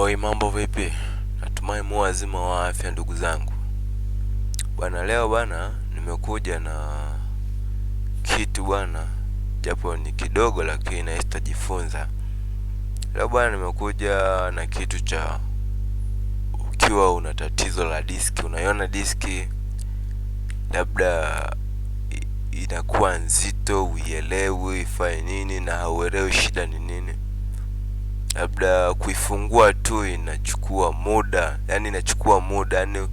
Oi, mambo vipi? Natumai mu wazima wa afya ndugu zangu. Bwana leo bwana nimekuja na kitu bwana, japo ni kidogo lakini naitajifunza. Leo bwana nimekuja na kitu cha ukiwa una tatizo la diski, unaiona diski labda inakuwa nzito, uielewi ifanye nini na hauelewi shida ni nini labda kuifungua tu inachukua muda, yani inachukua muda, yani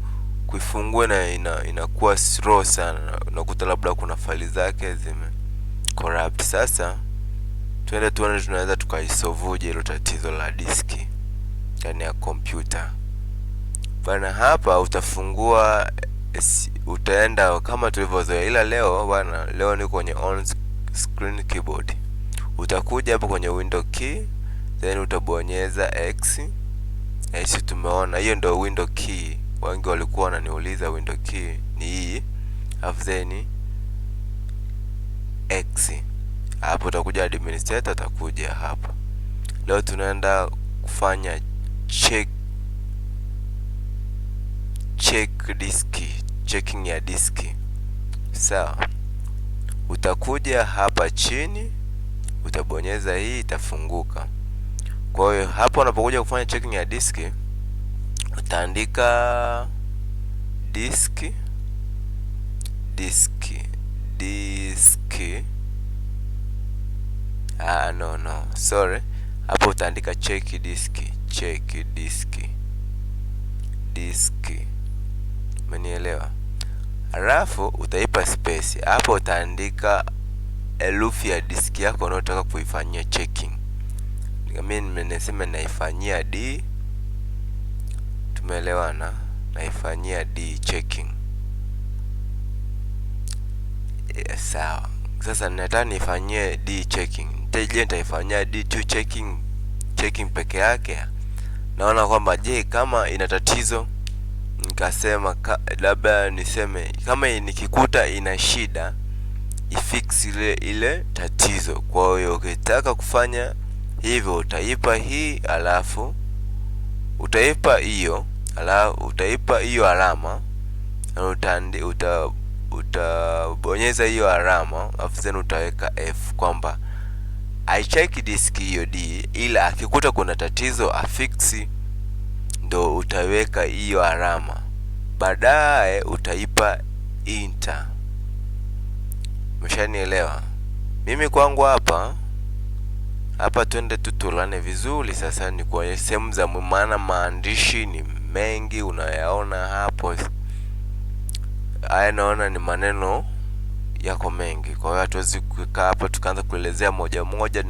kuifungua na ina, inakuwa slow sana. Unakuta labda kuna faili zake zime corrupt. Sasa tuende tuone tunaweza tukaisovuje hilo tatizo la diski ndani ya kompyuta bana. Hapa utafungua utaenda kama tulivyozoea, ila leo bana, leo ni kwenye on screen keyboard. Utakuja hapo kwenye window key then utabonyeza x eh, s. Tumeona hiyo ndio window key, wengi walikuwa wananiuliza window key ni hii, alafu then x hapo utakuja administrator, utakuja hapa. Leo tunaenda kufanya check check disk, checking ya disk. Sawa, utakuja hapa chini utabonyeza hii, itafunguka. Kwa hiyo hapo unapokuja kufanya checking ya diski utaandika diski disk disk ah, no no, sorry. Hapo utaandika check disk check disk disk, umenielewa? Alafu utaipa space hapo, utaandika herufi ya diski yako unayotaka kuifanyia checking mi nimesema naifanyia d, tumeelewana, naifanyia d checking Yes, eh, sawa. Sasa nataka nifanyie d checking, nitaje? Nitaifanyia d tu checking, checking peke yake. Naona kwamba je, kama ina tatizo nikasema ka, labda niseme kama nikikuta ina shida ifix ile ile tatizo. Kwa hiyo ukitaka kufanya Hivyo utaipa hii alafu utaipa hiyo alafu utaipa hiyo alama utaandi, uta utabonyeza hiyo alama alafu then utaweka F kwamba aicheki diski hiyo D, ila akikuta kuna tatizo afiksi, ndo utaweka hiyo alama baadaye utaipa enter. Mshanielewa Mimi kwangu hapa hapa twende tu tulane vizuri sasa, ni kwa sehemu za maana, maandishi ni mengi unayaona hapo. Haya, naona ni maneno yako mengi, kwa hiyo hatuwezi kukaa hapa tukaanza kuelezea moja moja,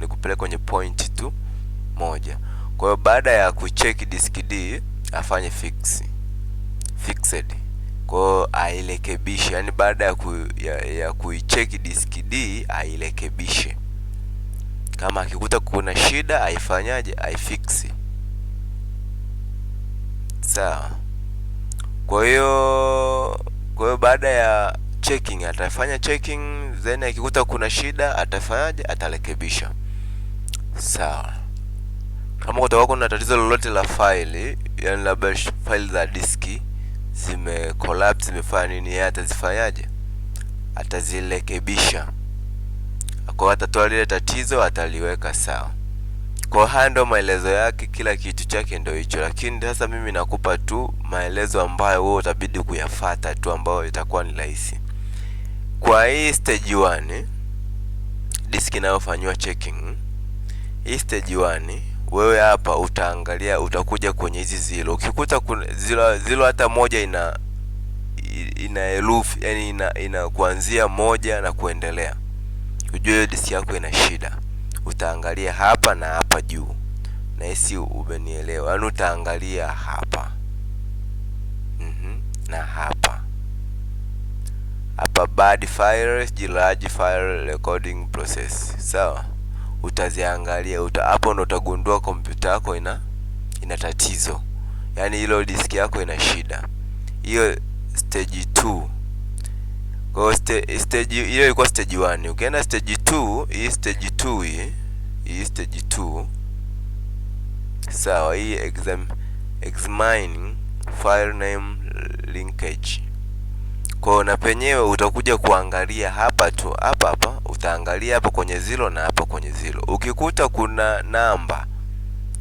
ni kupeleka kwenye point tu moja. Kwa hiyo baada ya kucheck disk D afanye fix fixed, kwa hiyo ailekebishe, yani baada ya, ku, ya, ya kuicheck disk D ailekebishe. Kama akikuta kuna shida aifanyaje? Aifiksi. Sawa. Kwa hiyo kwa hiyo baada ya checking atafanya checking, then akikuta kuna shida atafanyaje? Atarekebisha. Sawa. Kama kutakuwa kuna tatizo lolote la faili, yani labda faili za diski zime collapse zimefanya nini, yeye atazifanyaje? Atazirekebisha. Kwa atatoa lile tatizo, ataliweka sawa. Kwa haya ndo maelezo yake, kila kitu chake ndo hicho, lakini sasa mimi nakupa tu maelezo ambayo wewe utabidi kuyafata tu, ambayo itakuwa ni rahisi. Kwa hii stage 1 disk inayofanywa checking, hii stage 1 wewe hapa utaangalia, utakuja kwenye hizi zilo. Ukikuta zilo, zilo hata moja ina ina herufi yani ina, ina kuanzia moja na kuendelea ujue diski yako ina shida, utaangalia hapa na hapa juu, na hisi umenielewa. Yaani utaangalia hapa mm -hmm. na hapa hapa, bad file, large file, recording process, sawa so, utaziangalia uta, hapo ndo utagundua kompyuta yako ina ina tatizo, yaani hilo diski yako ina shida. Hiyo stage 2 kwa oh, stage stage hiyo ilikuwa stage 1. Ukienda stage 2, hii stage 2 hii, hii stage 2. Sawa, hii exam examining file name linkage. Kwa na penyewe utakuja kuangalia hapa tu, hapa hapa utaangalia hapa kwenye zero na hapa kwenye zero. Ukikuta kuna namba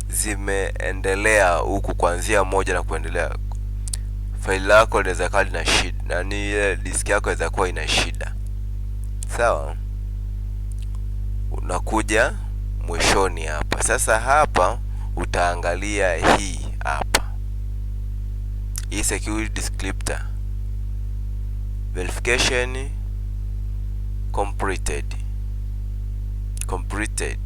zimeendelea huku kuanzia moja na kuendelea faili lako linaweza kuwa lina shida, nani ile diski yako inaweza kuwa ina shida. Sawa, unakuja mwishoni hapa sasa. Hapa utaangalia hii hapa hii security descriptor verification completed completed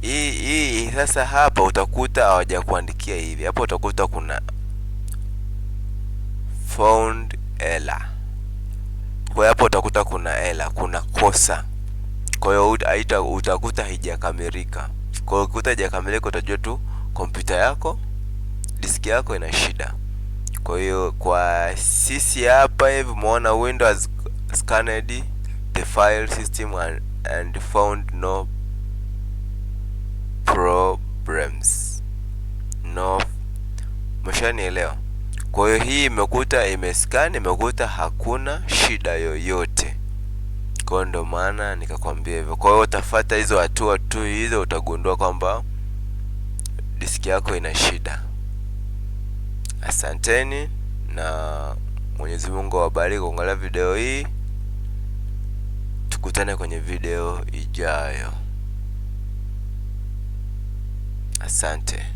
hii hii. Sasa hapa utakuta hawajakuandikia hivi, hapo utakuta kuna found error. Kwa hapo utakuta kuna error, kuna kosa. Kwa hiyo aita utakuta haijakamilika. Kwa hiyo ukikuta haijakamilika utajua tu kompyuta yako diski yako ina shida. Kwa hiyo kwa sisi hapa hivi umeona Windows scanned the file system and, and found no problems. No, mshanielewa kwa hiyo hii imekuta imescan, imekuta hakuna shida yoyote. Kwa hiyo ndo maana nikakwambia hivyo. Kwa hiyo utafuata hizo hatua tu hizo, utagundua kwamba diski yako ina shida. Asanteni na Mwenyezi Mungu awabariki kuangalia video hii. Tukutane kwenye video ijayo. Asante.